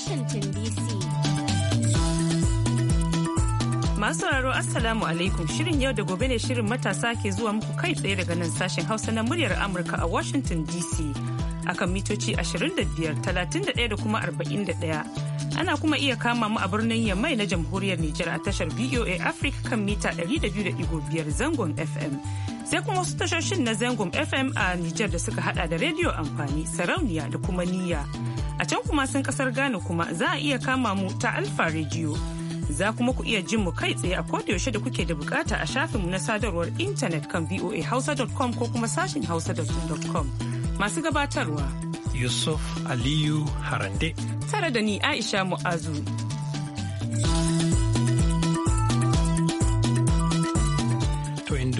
Washington DC. Masu sauraro Assalamu alaikum shirin yau da gobe ne shirin matasa ke zuwa muku kai tsaye daga nan sashen Hausa na muryar Amurka a Washington DC akan mitoci 25, 31 da kuma 41. ana kuma iya kama mu a birnin yamai na jamhuriyar Nijar a tashar BOA Africa kan mita 200.5 zangon FM sai kuma wasu tashoshin na zangon fm a nijar da suka hada da rediyo amfani sarauniya da kuma niyya a can kuma sun kasar ghana kuma za a iya kama mu ta alfa rediyo za kuma ku iya jin mu kai tsaye a yaushe da kuke da bukata a shafinmu na sadarwar intanet kan voahausa.com ko kuma sashin hausa.com masu gabatarwa yusuf aliyu harande tare da ni aisha mu'azu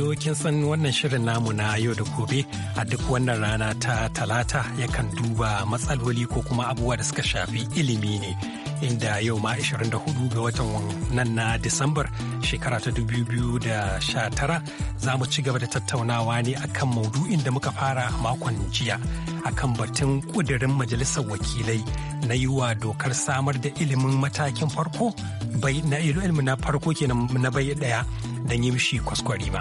ado kin san wannan shirin namu na yau da gobe a duk wannan rana ta talata yakan duba matsaloli ko kuma abubuwa da suka shafi ilimi ne inda yau ma 24 ga watan nan na disambar shekara ta 2019 za mu ci gaba da tattaunawa ne akan maudu'in da muka fara makon jiya a kan batun kudirin majalisar wakilai na yi wa dokar samar da ilimin matakin farko na ilimin farko kenan na bai daya don yi mishi kwaskwari ba.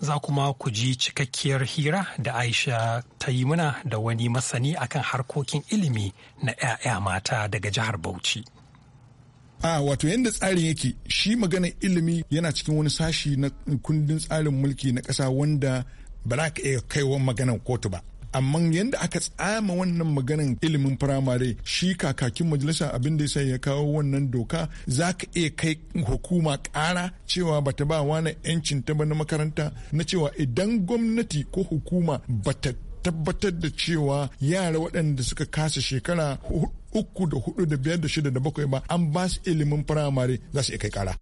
za kuma ku ji cikakkiyar hira da Aisha ta yi muna da wani masani akan harkokin ilimi na 'ya'ya mata daga jihar Bauchi. a wato yadda tsarin yake shi magana ilimi yana cikin wani sashi na kundin tsarin mulki na ƙasa wanda ba za ka iya kaiwa maganar kotu ba amma yadda aka tsama wannan maganan ilimin firamare shi kakakin majalisa abin da ya kawo wannan doka za ka iya kai hukuma kara cewa bata ba wani 'yancin ta na makaranta na cewa idan gwamnati ko hukuma bata tabbatar da cewa yara waɗanda suka kasa shekara uku da hudu da biyar da shida da bakwai ba an ba su ilimin firamare za su iya kai kara.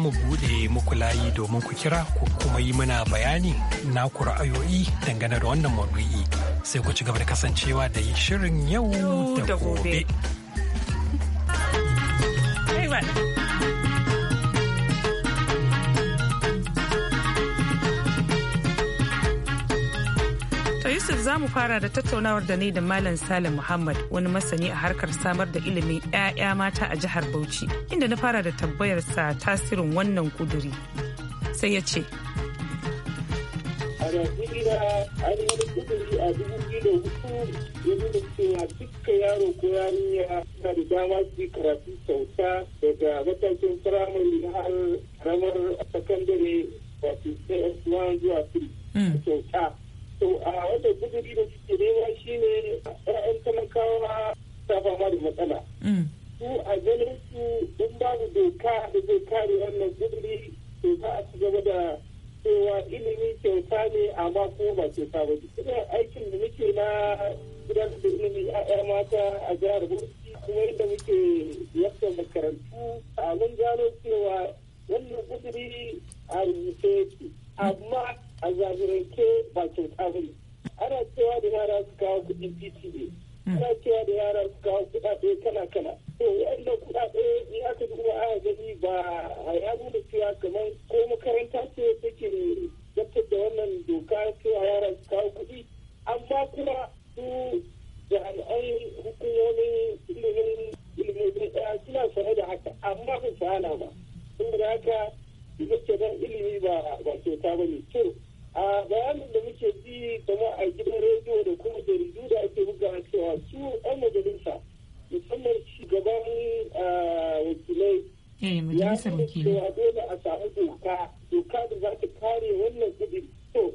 mu buɗe muku layi domin ku kira ku kuma yi mana bayani na ku ra'ayoyi dangane da wannan maudu'i sai ku ci gaba da kasancewa da yi shirin yau da gobe. za mu fara da tattaunawar da ne da Malam Salim Muhammad wani masani a harkar samar da ilimin 'ya'ya mata a jihar Bauchi inda na fara da tambayarsa tasirin wannan kuduri. Sai ya ce. A a da hudu duka yaro ko yarinya suna da dama su karatu kyauta daga matakin firamare har ramar sakandare wato cs1 zuwa 3 hmm. kyauta to a wata guduri da suke nema shine ra'ayin talakawa ta fama da matsala mm. su a ganin su in babu doka da zai kare wannan guduri to za a ci gaba da cewa ilimi kyauta ne amma ko ba ta ba ina aikin da muke na gudanar da ilimi a mata a jihar bauchi kuma yadda muke yadda makarantu a mun gano cewa wannan guduri a rubuce yake mm. amma a zahirance ba kyauta ba ne ana cewa da yara su kawo kuɗin pta hmm. ana cewa da yara su kawo kuɗaɗe kala kala to wa'annan kuɗaɗe in aka duba a gani ba a ya nuna cewa kamar ko makaranta ce take zartar da wannan doka cewa yara su kawo kuɗi amma kuma su jami'an hukumomin ilimin ilimin eh, suna sane da haka amma ba su hana ba saboda haka ita ce ilimi ba kyauta ba ne to a bayanin da muke ji kamar a gidan rediyo da kuma jaridu da ake buga cewa su yan majalisa musamman shugaban wakilai eh, ya ce cewa dole a samu doka doka da za ta kare wannan kudi to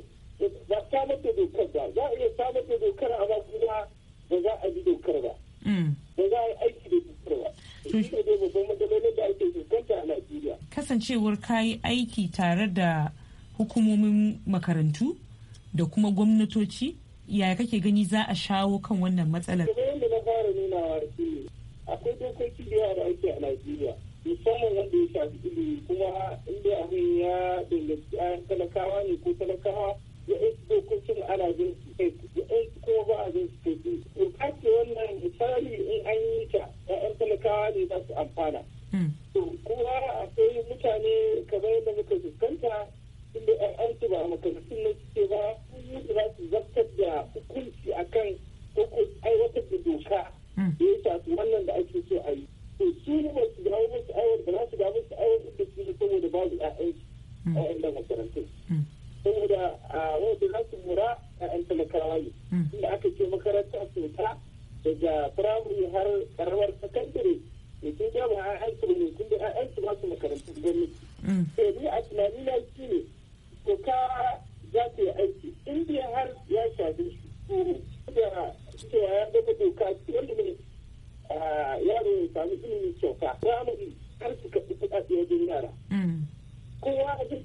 ba ta mata dokar ba za a iya samar da dokar amma kuma ba za a bi dokar ba mm. ba za a yi aiki da dokar ba shi ne babban matsalolin da ake fuskanta a najeriya kasancewar kayi aiki tare da hukumomin makarantu da kuma gwamnatoci yaya kake gani za a shawo kan wannan matsalar akwai dokoki da yawa da ake a Najeriya musamman wanda ya shafi ilimi kuma inda abin ya danganci talakawa ne ko talakawa ya yi dokokin ana jin su kai kuma ba a jin su kai doka wannan misali in an yi ta 'ya'yan talakawa ne za su amfana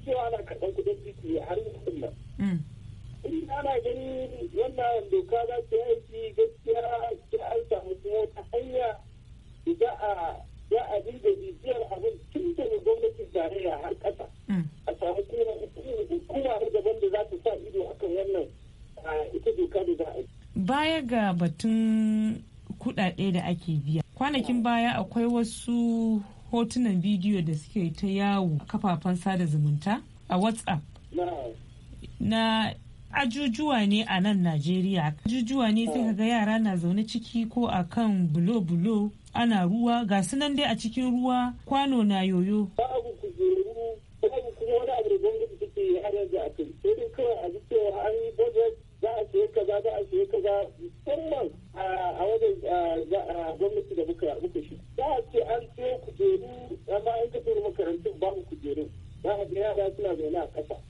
cewa ana karɓar kudin titi har hukun nan. Mm. In ana ganin wannan doka za ta aiki gaskiya ta an samu kuma ta hanya za a za a dinga bibiyar abin tun daga gwamnatin tarayya har ƙasa. Mm. A samu kuma hukuma daban da za ta sa ido akan wannan ita doka da za a yi. Baya ga batun kuɗaɗe da ake biya. Kwanakin baya akwai wasu hotunan bidiyo da suke ta yawo a kafafen sada zumunta a whatsapp na ajujuwa ne a nan najeriya ajujuwa ne sai ga yara na zaune ciki ko a kan bulo-bulo ana ruwa ga nan dai a cikin ruwa kwano na yoyo a kaza za a kaza musamman a wajen gwamnati da muka za a ce an ce kujeru amma an ka makarantun babu kujeru ba a ga yara suna zaune a ƙasa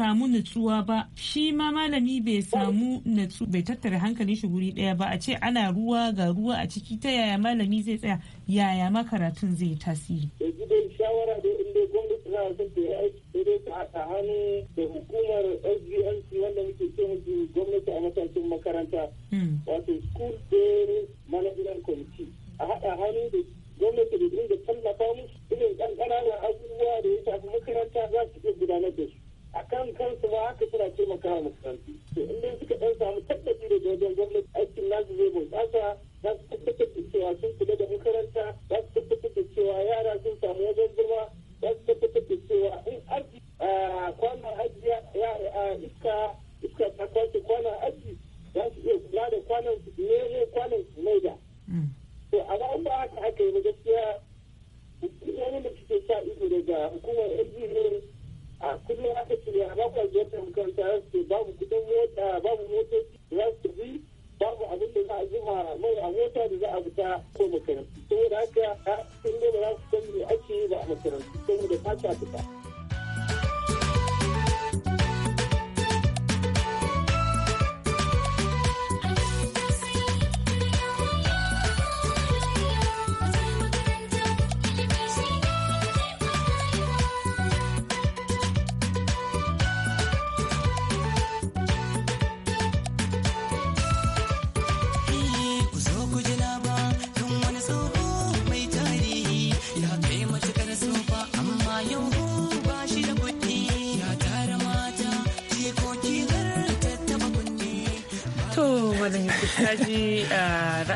samu natsuwa ba shi ma malami bai samu natsu bai tattara hankalin shi guri daya ba a ce ana ruwa ga ruwa a ciki ta yaya malami zai tsaya yaya makaratun zai tasiri shawara da gwamnati ta da da tallafa musu irin na abubuwa da ya shafi makaranta za su iya gudanar da su kan kansu ba haka suna taimakawa makarantu to in suka ɗan samu tabbaci da wajen gwamnati aikin nasu zai bunƙasa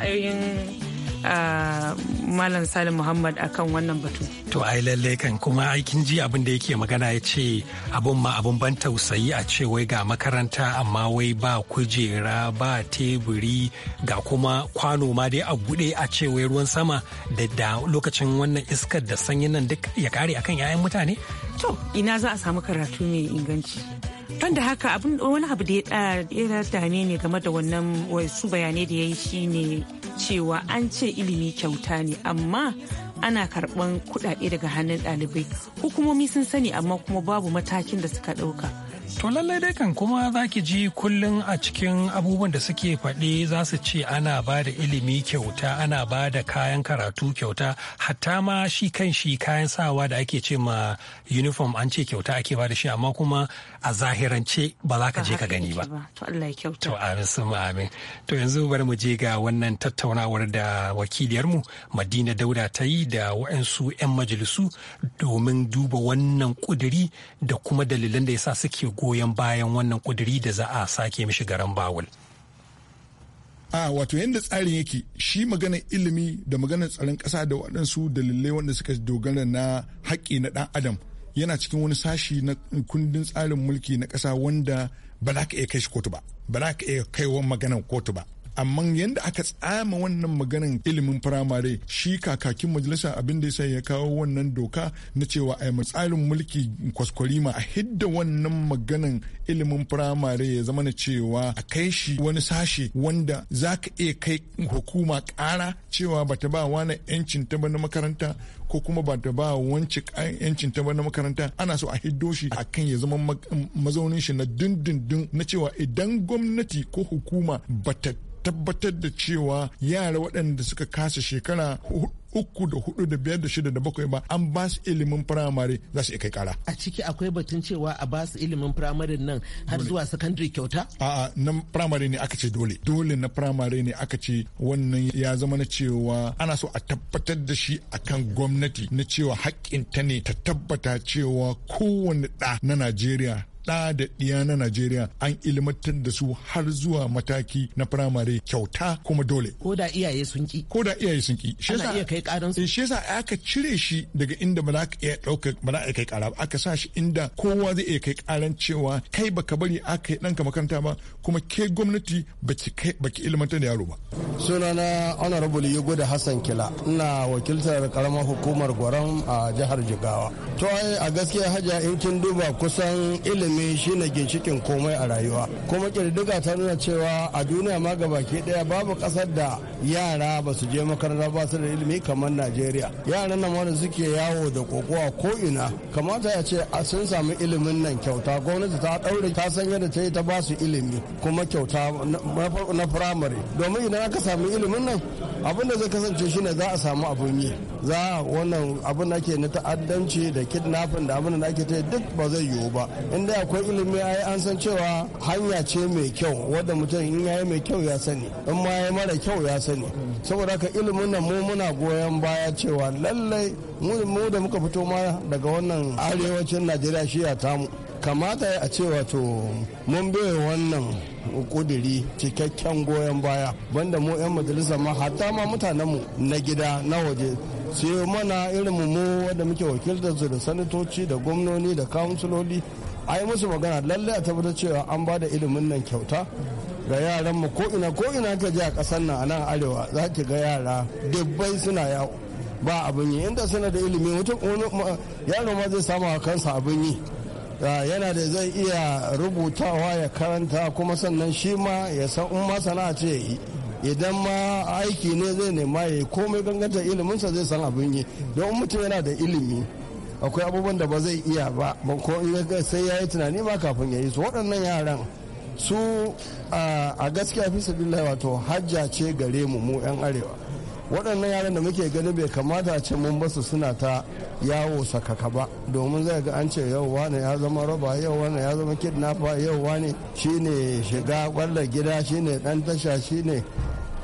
ra'ayin ah, Malam Salim Muhammad akan wannan batu. To ai lalle kan kuma aikin ji abin da yake magana ya ce abun ma abun ban tausayi a ce wai ga makaranta amma wai ba kujera ba teburi ga kuma kwano ma dai a buɗe a ce wai ruwan sama da da lokacin wannan iskar da sanyin nan duk ya kare akan 'ya'yan mutane? To ina za a samu karatu mai inganci. da haka abin wani abu da ya dame ne game da wannan wasu bayanai da ya yi shi ne cewa an ce ilimi kyauta ne amma ana karban kuɗaɗe daga hannun ɗalibai hukumomi sun sani amma kuma babu matakin da suka ɗauka. To lallai dai kan kuma za ki ji kullum a cikin abubuwan da suke faɗi za su ce ana ba da ilimi kyauta ana ba da kayan karatu kyauta hatta ma shi kan shi kayan sawa da ake ce ma uniform an ce kyauta ake ba da shi amma kuma a zahirance ba za ka je ka gani ba. To amin sun amin. To yanzu bari mu je ga wannan tattaunawar da wakiliyarmu Madina Dauda ta yi da waɗansu 'yan majalisu domin duba wannan ƙudiri da kuma dalilan da sa suke goyon bayan wannan kuduri da za a sake mishi garan bawul. a wato yadda tsarin yake shi maganar ilimi da maganar tsaron ƙasa da waɗansu dalilai wanda suka dogara na haƙƙi na ɗan adam yana cikin wani sashi na kundin tsarin mulki na ƙasa wanda ba za ka iya kai shi kotu ba ba za ka iya kaiwa maganar kotu ba amma yadda aka tsama wannan maganan ilimin firamare shi kakakin majalisa abin da ya ya kawo wannan doka na cewa a tsarin mulki kwaskwarima a hidda wannan maganan ilimin firamare ya zama na cewa a kai shi wani sashe wanda za ka iya kai hukuma kara cewa ba ta ba wani yancin ta na makaranta ko kuma ba ta ba wance yancin ta na makaranta ana so a hiddo shi a kan ya zama mazaunin shi na dindindin na cewa idan gwamnati ko hukuma ba ta. tabbatar da cewa yara waɗanda suka kasa shekara uku da hudu da biyar da shida da bakwai ba an ba su ilimin firamare za su kai kara. A ciki akwai batun cewa a ba su ilimin firamare nan har zuwa sakandare kyauta? A'a na firamare ne aka ce dole. Dole na firamare ne aka ce wannan ya zama na cewa ana so a tabbatar da shi akan gwamnati na cewa haƙƙinta ne ta tabbata cewa kowane ɗa na Najeriya Da da ɗiya na Najeriya an ilmantar da su har zuwa mataki na firamare kyauta kuma dole. Ko da iyaye sun ki. Ko da iyaye sun ki. Ana iya kai ƙaran su. Eh, shi yasa aka cire shi daga inda ba za ka iya ɗauka ba za a kai ƙara ba aka sa shi inda kowa zai iya kai ƙaran cewa kai baka bari aka yi ɗanka makaranta ba kuma ke gwamnati baki ilmantar da yaro ba. Sunana Honorable Yugo da Hassan Kila ina wakiltar karamar hukumar Gwaram a jihar Jigawa. To a gaskiya haja in kin duba kusan ilimi ilimi shine ginshikin komai a rayuwa kuma kirdiga ta nuna cewa a duniya ma gabaki daya babu kasar da yara ba su je makaranta ba su da ilimi kamar najeriya yaran nan wanda suke yawo da kokowa ko ina kamata ya ce sun samu ilimin nan kyauta gwamnati ta daure ta san yadda ta yi ta ba su ilimi kuma kyauta na firamare domin idan aka samu ilimin nan abin da zai kasance shine za a samu abin yi za wannan abin da ake na ta'addanci da kidnapping da abin da ake ta duk ba zai yiwu ba inda akwai ilimi yi an san cewa hanya ce mai kyau wadda mutum in yi mai kyau ya sani in ma yi mara kyau ya sani saboda ka ilimin nan mu muna goyon baya cewa lallai mu da muka fito ma daga wannan arewacin najeriya shi ya tamu kamata a ce wato mun bai wannan kuduri cikakken goyon baya banda mu 'yan majalisa ma hatta ma mutanenmu na gida na waje sai mana irin mu wadda muke wakiltar su da sanatoci da gwamnoni da kansuloli a yi musu magana lallai a tabbatar cewa an ba da ilimin nan kyauta ga yaran mu ko ina ko ina ka je a kasar nan a nan arewa za ki ga yara dubbai suna yawo ba abin yi inda suna da ilimi mutum yaro ma zai samu a kansa abin yi ah, yana da zai iya rubutawa ya karanta kuma sannan shi ma ya san in ma sana'a ce yi idan ma aiki ne zai nema ya yi komai ganganta iliminsa zai san abin yi don mutum yana da ilimi akwai abubuwan da ba zai iya ba ko sai ya yi tunani ma kafin ya yi su waɗannan yaran su a gaskiya fi sabillah wato hajja ce gare mu mu 'yan arewa waɗannan yaran da muke gani bai kamata a ce mun basu suna ta yawo sakaka ba domin zai ga an ce yau wane ya zama roba yau wane ya zama kidnapper yau wane shine shiga kwalla gida shine dan tasha shine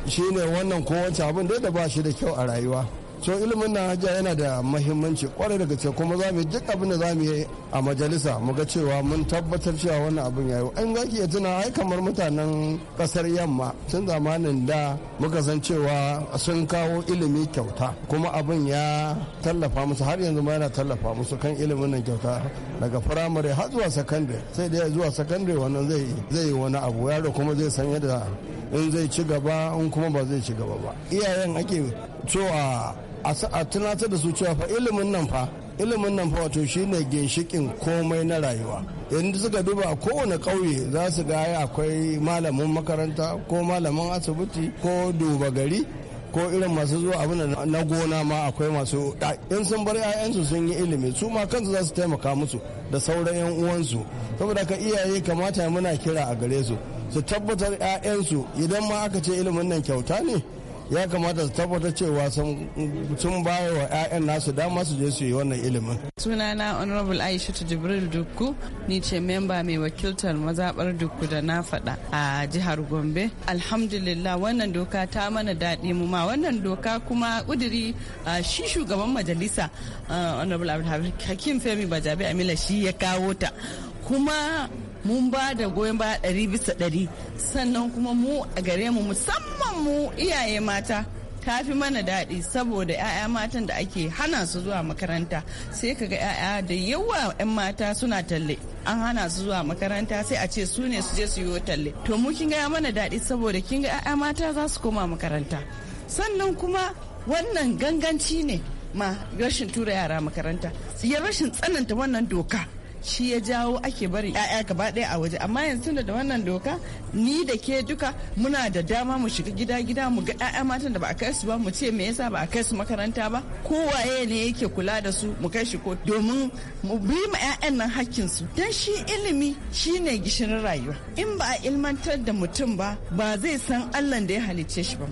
shine wannan kowace abin dai da ba shi da kyau a rayuwa so ilimin na hajiya yana da mahimmanci kwarai da gaske kuma za mu duk abin da za mu yi a majalisa mu ga cewa mun tabbatar cewa wannan abin yayi an zaki ya tuna ai kamar mutanen kasar yamma tun zamanin da muka san cewa sun kawo ilimi kyauta kuma abin ya tallafa musu har yanzu ma yana tallafa musu kan ilimin nan kyauta daga firamare har zuwa sakandare sai dai zuwa sakandare wannan zai yi wani abu yaro kuma zai san yadda in zai ci gaba in kuma ba zai ci gaba ba iyayen ake so a tunatar da su cewa fa ilimin nan fa ilimin nan fa wato shine ginshikin komai na rayuwa yanzu suka duba a kowane kauye za su ga akwai malamin makaranta ko malamin asibiti ko duba gari ko irin masu zuwa abin na gona ma akwai masu in sun bar 'ya'yansu sun yi ilimi su ma kansu za su taimaka musu da sauran 'yan uwansu saboda ka iyaye kamata muna kira a gare su su tabbatar 'ya'yansu idan ma aka ce ilimin nan kyauta ne ya kamata su tabbata cewa sun ba wa 'ya'yan nasu dama su je su yi wannan ilimin. sunana honorable aisha jibril dukku ni ce memba mai wakiltar mazabar dukku da na faɗa a jihar gombe alhamdulillah wannan doka ta mana daɗi mu ma wannan doka kuma ƙudiri shi shugaban majalisa honorable hakim femi bajabi amila shi ya kawo ta kuma mun ba da goyon baya ɗari bisa ɗari sannan kuma mu a gare mu musamman mu iyaye mata ta fi mana daɗi saboda 'ya'ya matan da ake hana su zuwa makaranta sai kaga 'ya'ya da yawa 'yan mata suna talle an hana su zuwa makaranta sai a ce su ne su je su yi talle to mu kin gaya mana daɗi saboda kin ga 'ya'ya mata za su koma makaranta sannan kuma wannan ganganci ne ma rashin tura yara makaranta ya rashin tsananta wannan doka shi ya jawo ake barin 'ya'ya gaba ɗaya a waje amma yanzu da wannan doka ni da ke duka muna da dama mu shiga gida gida mu ga 'ya'ya matan da ba a kai su ba mu ce me yasa ba a kai su makaranta ba ko waye ne yake kula da su mu kai shi ko domin mu bi ma 'ya'yan nan hakkin su dan shi ilimi shi ne gishirin rayuwa in ba a ilmantar da mutum ba ba zai san Allah da ya halicce shi ba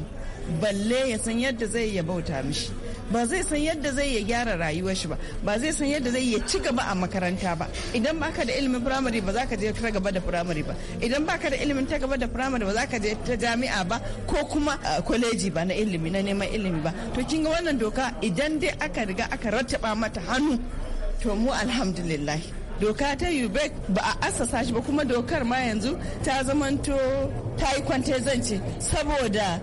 balle ya san yadda zai ya bauta mishi ba zai san yadda zai ya gyara rayuwar shi ba ba zai san yadda zai ya ci gaba a makaranta ba idan baka da ilimin firamare ba za ka je ta gaba da firamare ba idan baka da ilimin ta gaba da firamare ba za ka je ta jami'a ba ko kuma kwaleji ba na ilimi na neman ilimi ba to kin ga wannan doka idan dai aka riga aka rattaba mata hannu to mu alhamdulillah doka ta ubec ba a asasa shi ba kuma dokar ma yanzu ta zamanto ta yi kwante zance saboda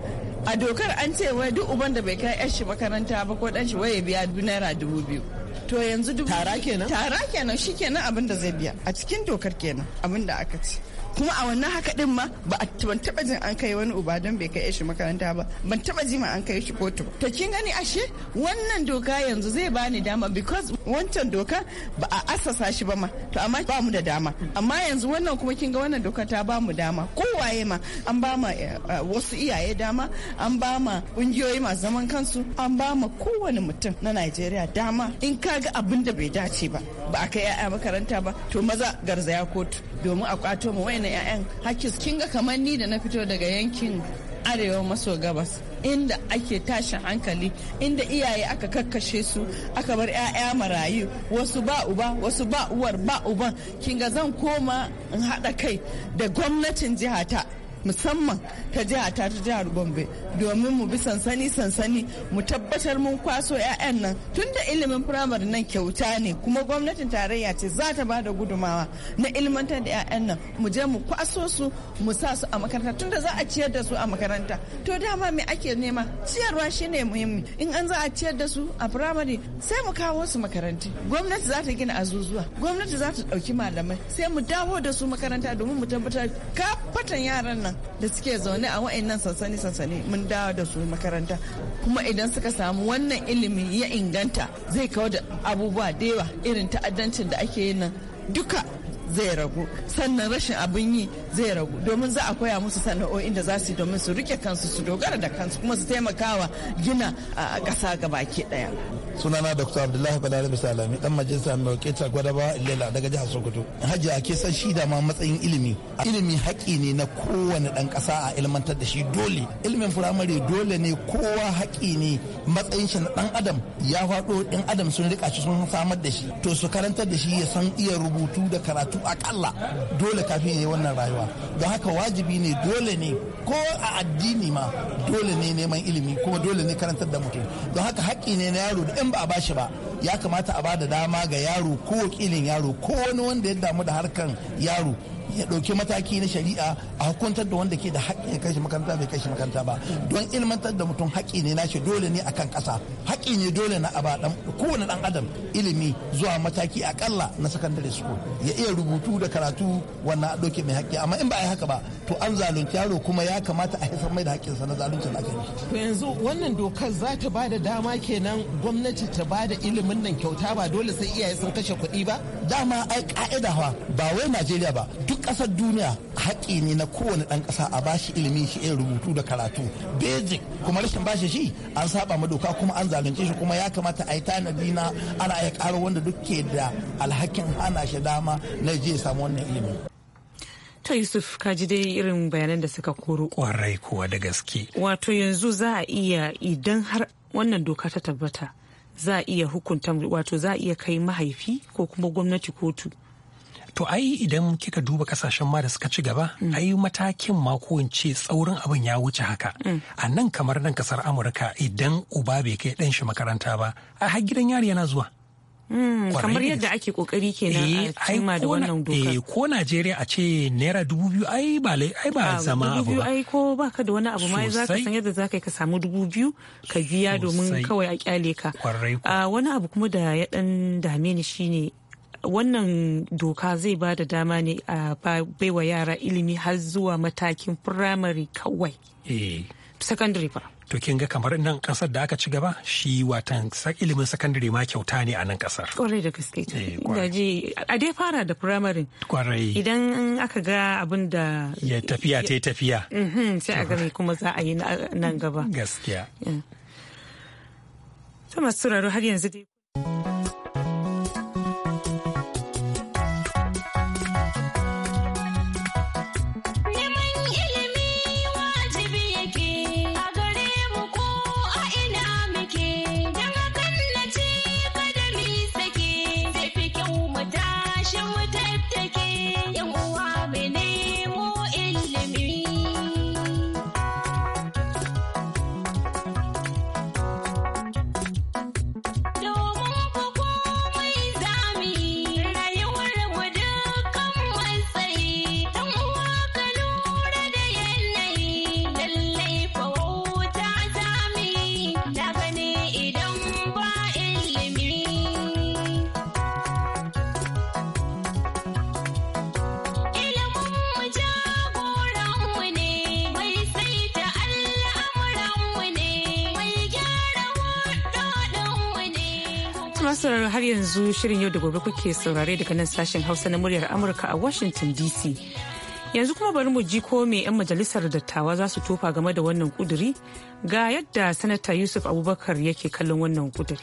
a dokar an ce wai duk uban da bai kai yar shi makaranta ba ko dan shi ya biya naira dubu biyu to yanzu dubu tara kenan tara kenan shikenan abin da zai biya a cikin dokar kenan abin da aka ce kuma a wannan haka din ma ba a taba jin an kai wani uba don bai kai shi makaranta ba ban taba ji ma an kai shi kotu to kin gani ashe wannan doka yanzu zai bani dama because wancan doka ba a asasa shi ba ma to amma ba mu da dama amma yanzu wannan kuma kin ga wannan doka ta ba mu dama kowaye ma an ba ma eh, eh, wasu iyaye dama an ba ma kungiyoyi masu zaman kansu an ba ma kowane mutum na Najeriya dama in ka ga abin da bai dace ba ba a kai 'ya'ya makaranta ba to maza garzaya kotu domin a kwato mu wayannan 'ya'yan hakis kin ga kamar ni da na fito daga yankin arewa maso gabas inda ake tashin hankali inda iyaye aka kakkashe su aka bar 'ya'ya marayu wasu ba uba wasu ba uwar ba uban kinga zan koma in haɗa kai da gwamnatin jihata musamman ta jiha ta ta jihar gombe domin mu bi sansani sansani mu tabbatar mun kwaso 'ya'yan nan tun da ilimin firamare nan kyauta ne kuma gwamnatin tarayya ce za ta ba da gudumawa na ilmantar da 'ya'yan nan mu je mu kwaso su mu sa su a makaranta tun da za a ciyar da su a makaranta to dama me ake nema ciyarwa shine muhimmi in an za a ciyar da su a firamare sai mu kawo su makaranti gwamnati za ta gina azuzuwa gwamnati za ta ɗauki malamai sai mu dawo da su makaranta domin mu tabbatar kafatan yaran nan da suke zaune a wa'annan sansani sansani mun dawo da su makaranta kuma idan suka samu wannan ilimi ya inganta zai kawo da abubuwa da yawa irin ta'addancin da ake yi nan duka zai ragu sannan rashin abin yi zai ragu domin za a koya musu sana'o'in da za su yi domin su rike kansu su dogara da kansu kuma su taimakawa gina a ƙasa gabaki ɗaya. sunana dr abdullahi balari misalami dan majalisa mai ta gwadaba lela, daga jihar sokoto hajji a san shi da ma matsayin ilimi ilimi haƙƙi ne na kowane ɗan ƙasa a ilmantar da shi dole ilimin firamare dole ne kowa haƙƙi ne matsayin shi na ɗan adam ya faɗo ɗan adam sun rika shi sun samar da shi to su karantar da shi ya san iya rubutu da karatu akalla dole kafin ya yi wannan rayuwa don haka wajibi ne dole ne ko a addini ma dole ne neman ilimi kuma dole ne karantar da mutum don haka haƙƙi ne na yaro da in ba a bashi ba ya kamata a ba da dama ga yaro ko wakilin yaro ko wani wanda ya damu da harkan yaro ya ɗauki mataki na shari'a a hukuntar da wanda ke da haƙƙi ya kashe makaranta bai kashe makaranta ba don ilmantar da mutum haƙƙi ne nashi dole ne akan ƙasa haƙƙi ne dole na aba dan kowane ɗan adam ilimi zuwa mataki akalla na sakandare school ya iya rubutu da karatu wannan a ɗauke mai haƙƙi amma in ba a haka ba to an zalunci yaro kuma ya kamata a haifar mai da haƙƙinsa na zalunci da akai to yanzu wannan dokar za ta ba da dama kenan gwamnati ta ba da ilimin nan kyauta ba dole sai iyaye sun kashe kuɗi ba dama ai ka'ida ba wai Najeriya ba duk kasar duniya haƙƙi ne na kowane ɗan ƙasa a bashi ilimi shi irin eh, rubutu da karatu basic kuma rashin bashi shi an saba ma doka kuma an zalunce shi kuma ya kamata a yi tanadi na ana iya ƙaro wanda duk ke da alhakin hana shi dama na je samu wannan ilimi. ta yusuf ka ji dai irin bayanan da suka koro kwarai kuwa da gaske wato yanzu za a iya idan har wannan doka ta tabbata za a iya hukunta wato za a iya kai mahaifi ko kuma gwamnati kotu To ai idan kika duba kasashen ma da suka ci gaba, mm. ai matakin ma ko in ce tsaurin abin ya wuce haka. Mm. A nan kamar nan kasar Amurka idan uba bai kai ɗan shi makaranta ba, a har gidan yari yana zuwa. Mm, kamar yadda ake kokari kenan a eh, cimma da wannan dokar eh, ko Najeriya a ce naira dubu biyu ai ba ai ba zama abu ba ai ko baka da wani abu ma za ka san yadda za ka ka samu dubu biyu ka biya domin kawai a kyale ka ah, wani abu kuma da ya dan dame ni shine wannan doka zai ba da dama ne a baiwa yara ilimi har zuwa matakin firamare kawai eh. secondary ba to kin ga kamar nan kasar da aka ci gaba shi watan ilimin secondary ma kyauta ne a nan kasar kwarai da gaske daji eh, a dai fara da firamare kwarai idan aka ga abin da ya tafiya ta tafiya mm-hmm, sai a gani kuma za a yi nan gaba gaskiya eh. ta masu har yanzu dai masu har yanzu shirin yau da gobe kuke saurare daga nan sashen hausa na muryar amurka a washington dc yanzu kuma bari mu ji ko me 'yan majalisar dattawa za su tofa game da wannan kuduri ga yadda sanata yusuf abubakar yake kallon wannan kuduri.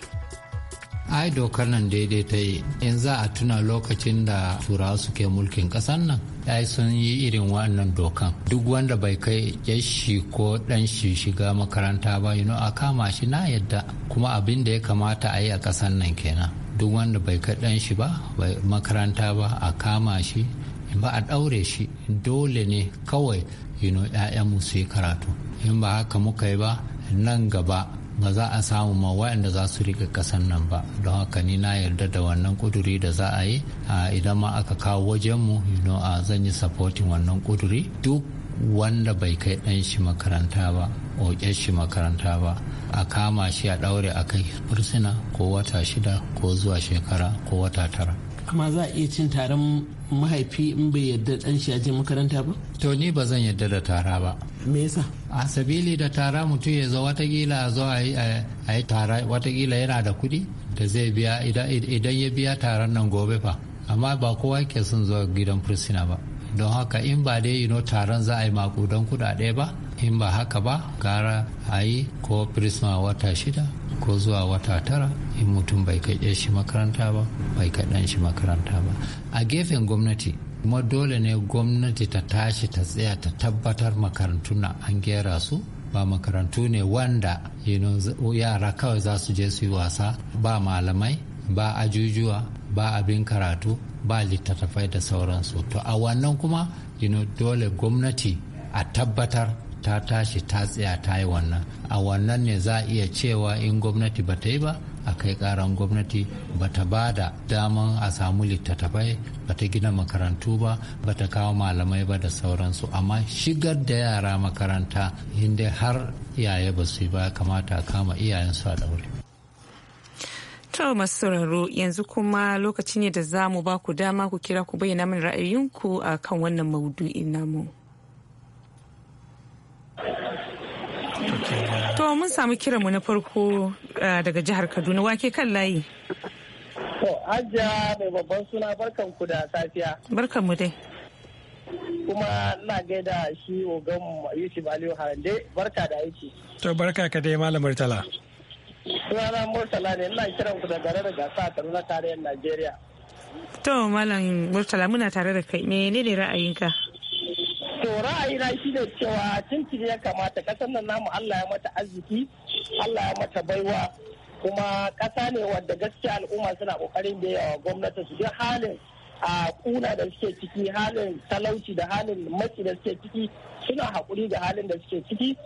ai dokar nan daidai ta yi in za a tuna lokacin da turawa suke mulkin kasan nan ai sun yi irin wannan dokan duk wanda bai kai yashi ko dan shi shiga makaranta ba yi a kama shi na yadda kuma abin da ya kamata a yi a kasan nan kenan duk wanda bai kai dan shi ba makaranta ba a kama shi ba a ɗaure shi dole ne kawai you yayan 'ya'yanmu su yi karatu in ba haka muka yi ba nan gaba ba za a samu ma waɗanda za su riƙe ƙasan nan ba don haka ni na yarda da wannan ƙuduri da za a yi idan ma aka kawo wajenmu a zan yi supporting wannan ƙuduri duk wanda bai kai ɗan shi makaranta ba o shi makaranta ba a kama shi a ɗaure a kai fursuna ko wata shida ko zuwa shekara ko wata tara amma za a iya cin taron mahaifi in bai yarda dan shi je makaranta ba to ni ba zan yarda da tara ba me yasa a sabili da tara mutum ya zo watakila zo a yi tara watakila yana da kuɗi da zai biya idan ya biya taron nan gobe fa amma ba kowa ke son zuwa gidan fursuna ba don haka in ba dai yi taron za a yi makudan kuɗaɗe ba in ba haka ba gara a yi ko prisma wata shida ko zuwa wata tara in mutum bai kai shi makaranta ba bai kaɗan shi makaranta ba a gefen gwamnati kuma dole ne gwamnati ta tashi ta tsaya ta tabbatar makarantu na an gera su ba makarantu ne wanda yara kawai za su je su yi wasa ba malamai ba ajujuwa ba abin karatu ba littattafai da sauransu to a wannan kuma dole gwamnati a tabbatar ta tashi ta tsaya ta yi wannan a wannan ne za a iya cewa in gwamnati ba ta yi ba a kai karan gwamnati ba ta ba da daman a samu littattafai ba ta gina makarantu ba ba ta kawo malamai ba da sauransu amma shigar da yara makaranta inda har iyaye ba su yi ba kamata a kama iyayensu a daure To masu sauraro yanzu kuma lokaci ne da za mu ba ku dama ku kira ku bayyana min ra'ayinku a kan wannan maudu'in namu. To mun samu kiranmu na farko eh, daga jihar Kaduna wake kan layi. To Hajiya mai babban suna barkan ku da safiya. Barkan mu dai. Kuma na gaida shi ogan Yusuf Aliyu Harande barka da aiki. To barka ka dai Malam Murtala. Sunana Murtala ne ina kiran ku da garin gasa a Kaduna tarayyar Najeriya. To Malam Murtala muna tare da kai menene ra'ayinka? To na shi da cewa tuntuni ya kamata kasar nan namu Allah ya mata arziki, Allah ya mata baiwa kuma ƙasa ne wadda gaskiya al'umma suna ƙoƙarin da yawa gwamnati su ji halin a kuna da suke ciki halin talauci da halin maki da suke ciki suna hakuri da halin da suke ciki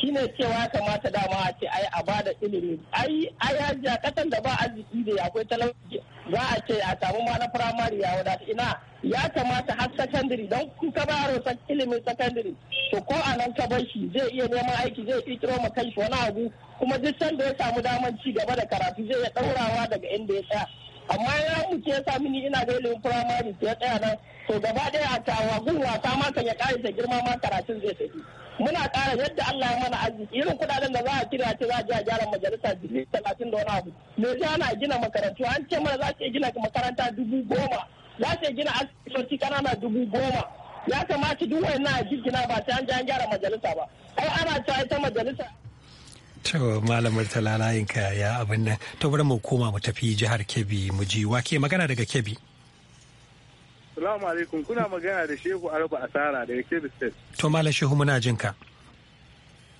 shine cewa ya kamata dama a ce ai a bada ilimi ai ai a kasan da ba arziki da akwai talauci za a ce a samu ma na firamare ya wadata ina ya kamata har sakandare don kun ka ba ilimin sakandare to ko a nan ka bar shi zai iya neman aiki zai kirkiro ma shi wani abu kuma duk sanda ya samu damar ci gaba da karatu zai ya daurawa daga inda ya tsaya amma ya muke ya sami ni ina gailin firamare ya tsaya nan to gaba daya a tawagun wasa ma kan ya kare ta girma ma karatun zai tafi muna kara yadda Allah ya mana arziki irin kudaden da za a kira ce za a a gyara majalisa dubu talatin da wani abu me sai ana gina makarantu an ce mana za su gina makaranta dubu goma za su gina asibitoci kanana dubu goma ya kamata duk wannan a gina ba sai an gyara majalisa ba ai ana ta ita majalisa To malamar talala'inka ya abin nan ta bari mu koma mu tafi jihar Kebbi mu ji wake magana daga Kebbi. Salamu alaikum kuna magana da Shehu Arba Asara daga Kebbi State. To malam Shehu muna jin ka.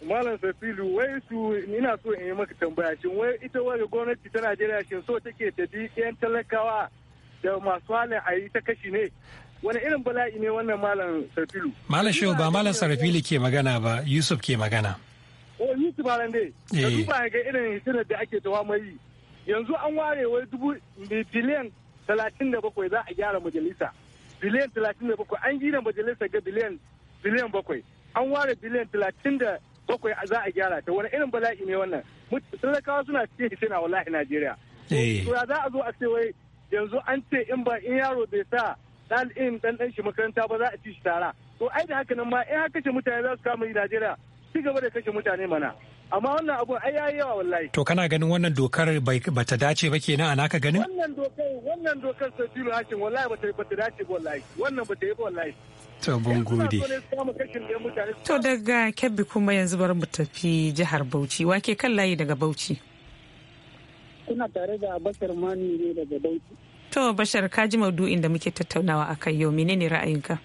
Malam Safilu wai su ina so in yi maka tambaya shin wai ita wani gwamnati ta Najeriya shin so take ta bi yan talakawa da masu halin a ta kashi ne wani irin bala'i ne wannan malam Safilu. Malam Shehu ba malam Safilu ke magana ba Yusuf ke magana. o yi tubaran dai da eh. duba ga irin hitinar da ake tawa mai yanzu an ware wai dubu biliyan talatin da bakwai za a gyara majalisa biliyan talatin da bakwai an gina majalisa ga biliyan biliyan bakwai an ware biliyan talatin da bakwai za a gyara ta wani irin bala'i ne wannan talakawa suna cikin hitina wallahi najeriya eh. ya za a zo a ce wai yanzu an ce in ba in yaro bai sa ɗal'in ɗanɗan shi makaranta ba za a ci shi tara to ai da haka nan ma in haka ce mutane za su kama yi najeriya ci gaba da kashe mutane mana amma wannan abun ai yayi yawa wallahi to kana ganin wannan dokar ba ta dace ba kenan ana ka ganin wannan dokar wannan dokar sai tilo hakin wallahi ba ta ba ta dace ba wallahi wannan ba ta yi ba wallahi to mun gode to daga kebbi kuma yanzu bar mu tafi jihar Bauchi wake kan layi daga Bauchi kuna tare da Bashar Mani ne daga Bauchi to Bashar ka ji maudu'in da muke tattaunawa akan yau menene ra'ayinka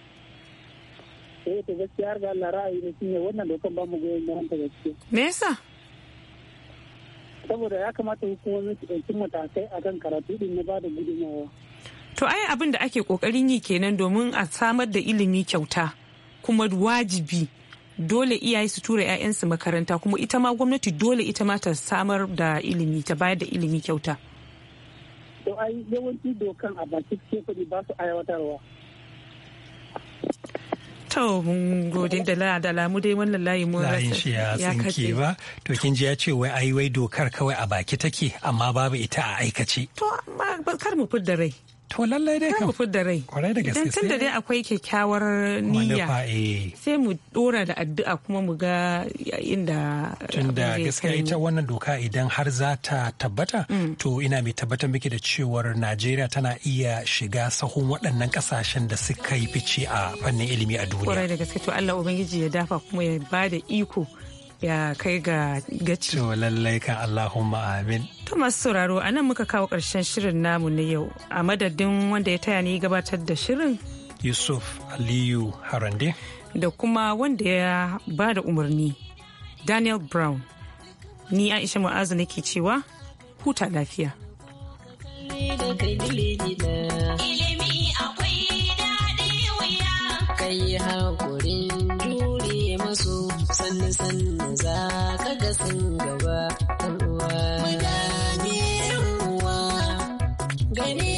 eh to gaskiya har ga Allah ra'ayi ne shine wannan dokan ba mu goyon bayan ta gaskiya me yasa saboda ya kamata hukumomi su ɗauki matakai akan karatu din na bada gudunmawa to ai abin da ake kokarin yi kenan domin a samar da ilimi kyauta kuma wajibi dole iyaye su tura 'ya'yansu makaranta kuma ita ma gwamnati dole ita ma ta samar da ilimi ta bayar da ilimi kyauta to ai yawanci dokan a baki suke kuɗi ba su aiwatarwa To mun gode da da lamu dai wannan layi mun rasa. shi ya tsinke ba. To kin ji ya ce wai ayi wai dokar kawai a baki take amma babu ita a aikace. To kar mu da rai. to lallai dai kan da rai kwarai da gaske tun da dai akwai kyakkyawar niyya eh. sai mu dora da addu'a kuma mu ga inda tunda gaskiya ita wannan doka idan har za ta tabbata mm. to ina mai tabbatar miki da cewar Najeriya tana iya shiga sahun waɗannan ƙasashen da suka yi fice a fannin ilimi a duniya kwarai da gaske to Allah ubangiji ya dafa kuma ya ba da iko ya kai ga gaci to lallai kan Allahumma amin To masu sauraro a nan muka kawo ƙarshen shirin namu na yau a madadin wanda ya taya ni gabatar da shirin. Yusuf Aliyu Harande. Da kuma wanda ya ba da umarni Daniel Brown. Ni Aisha Mu'azu nake cewa huta lafiya. Ilimi akwai Kai haƙurin jure masu za ka ga sun gaba. Gani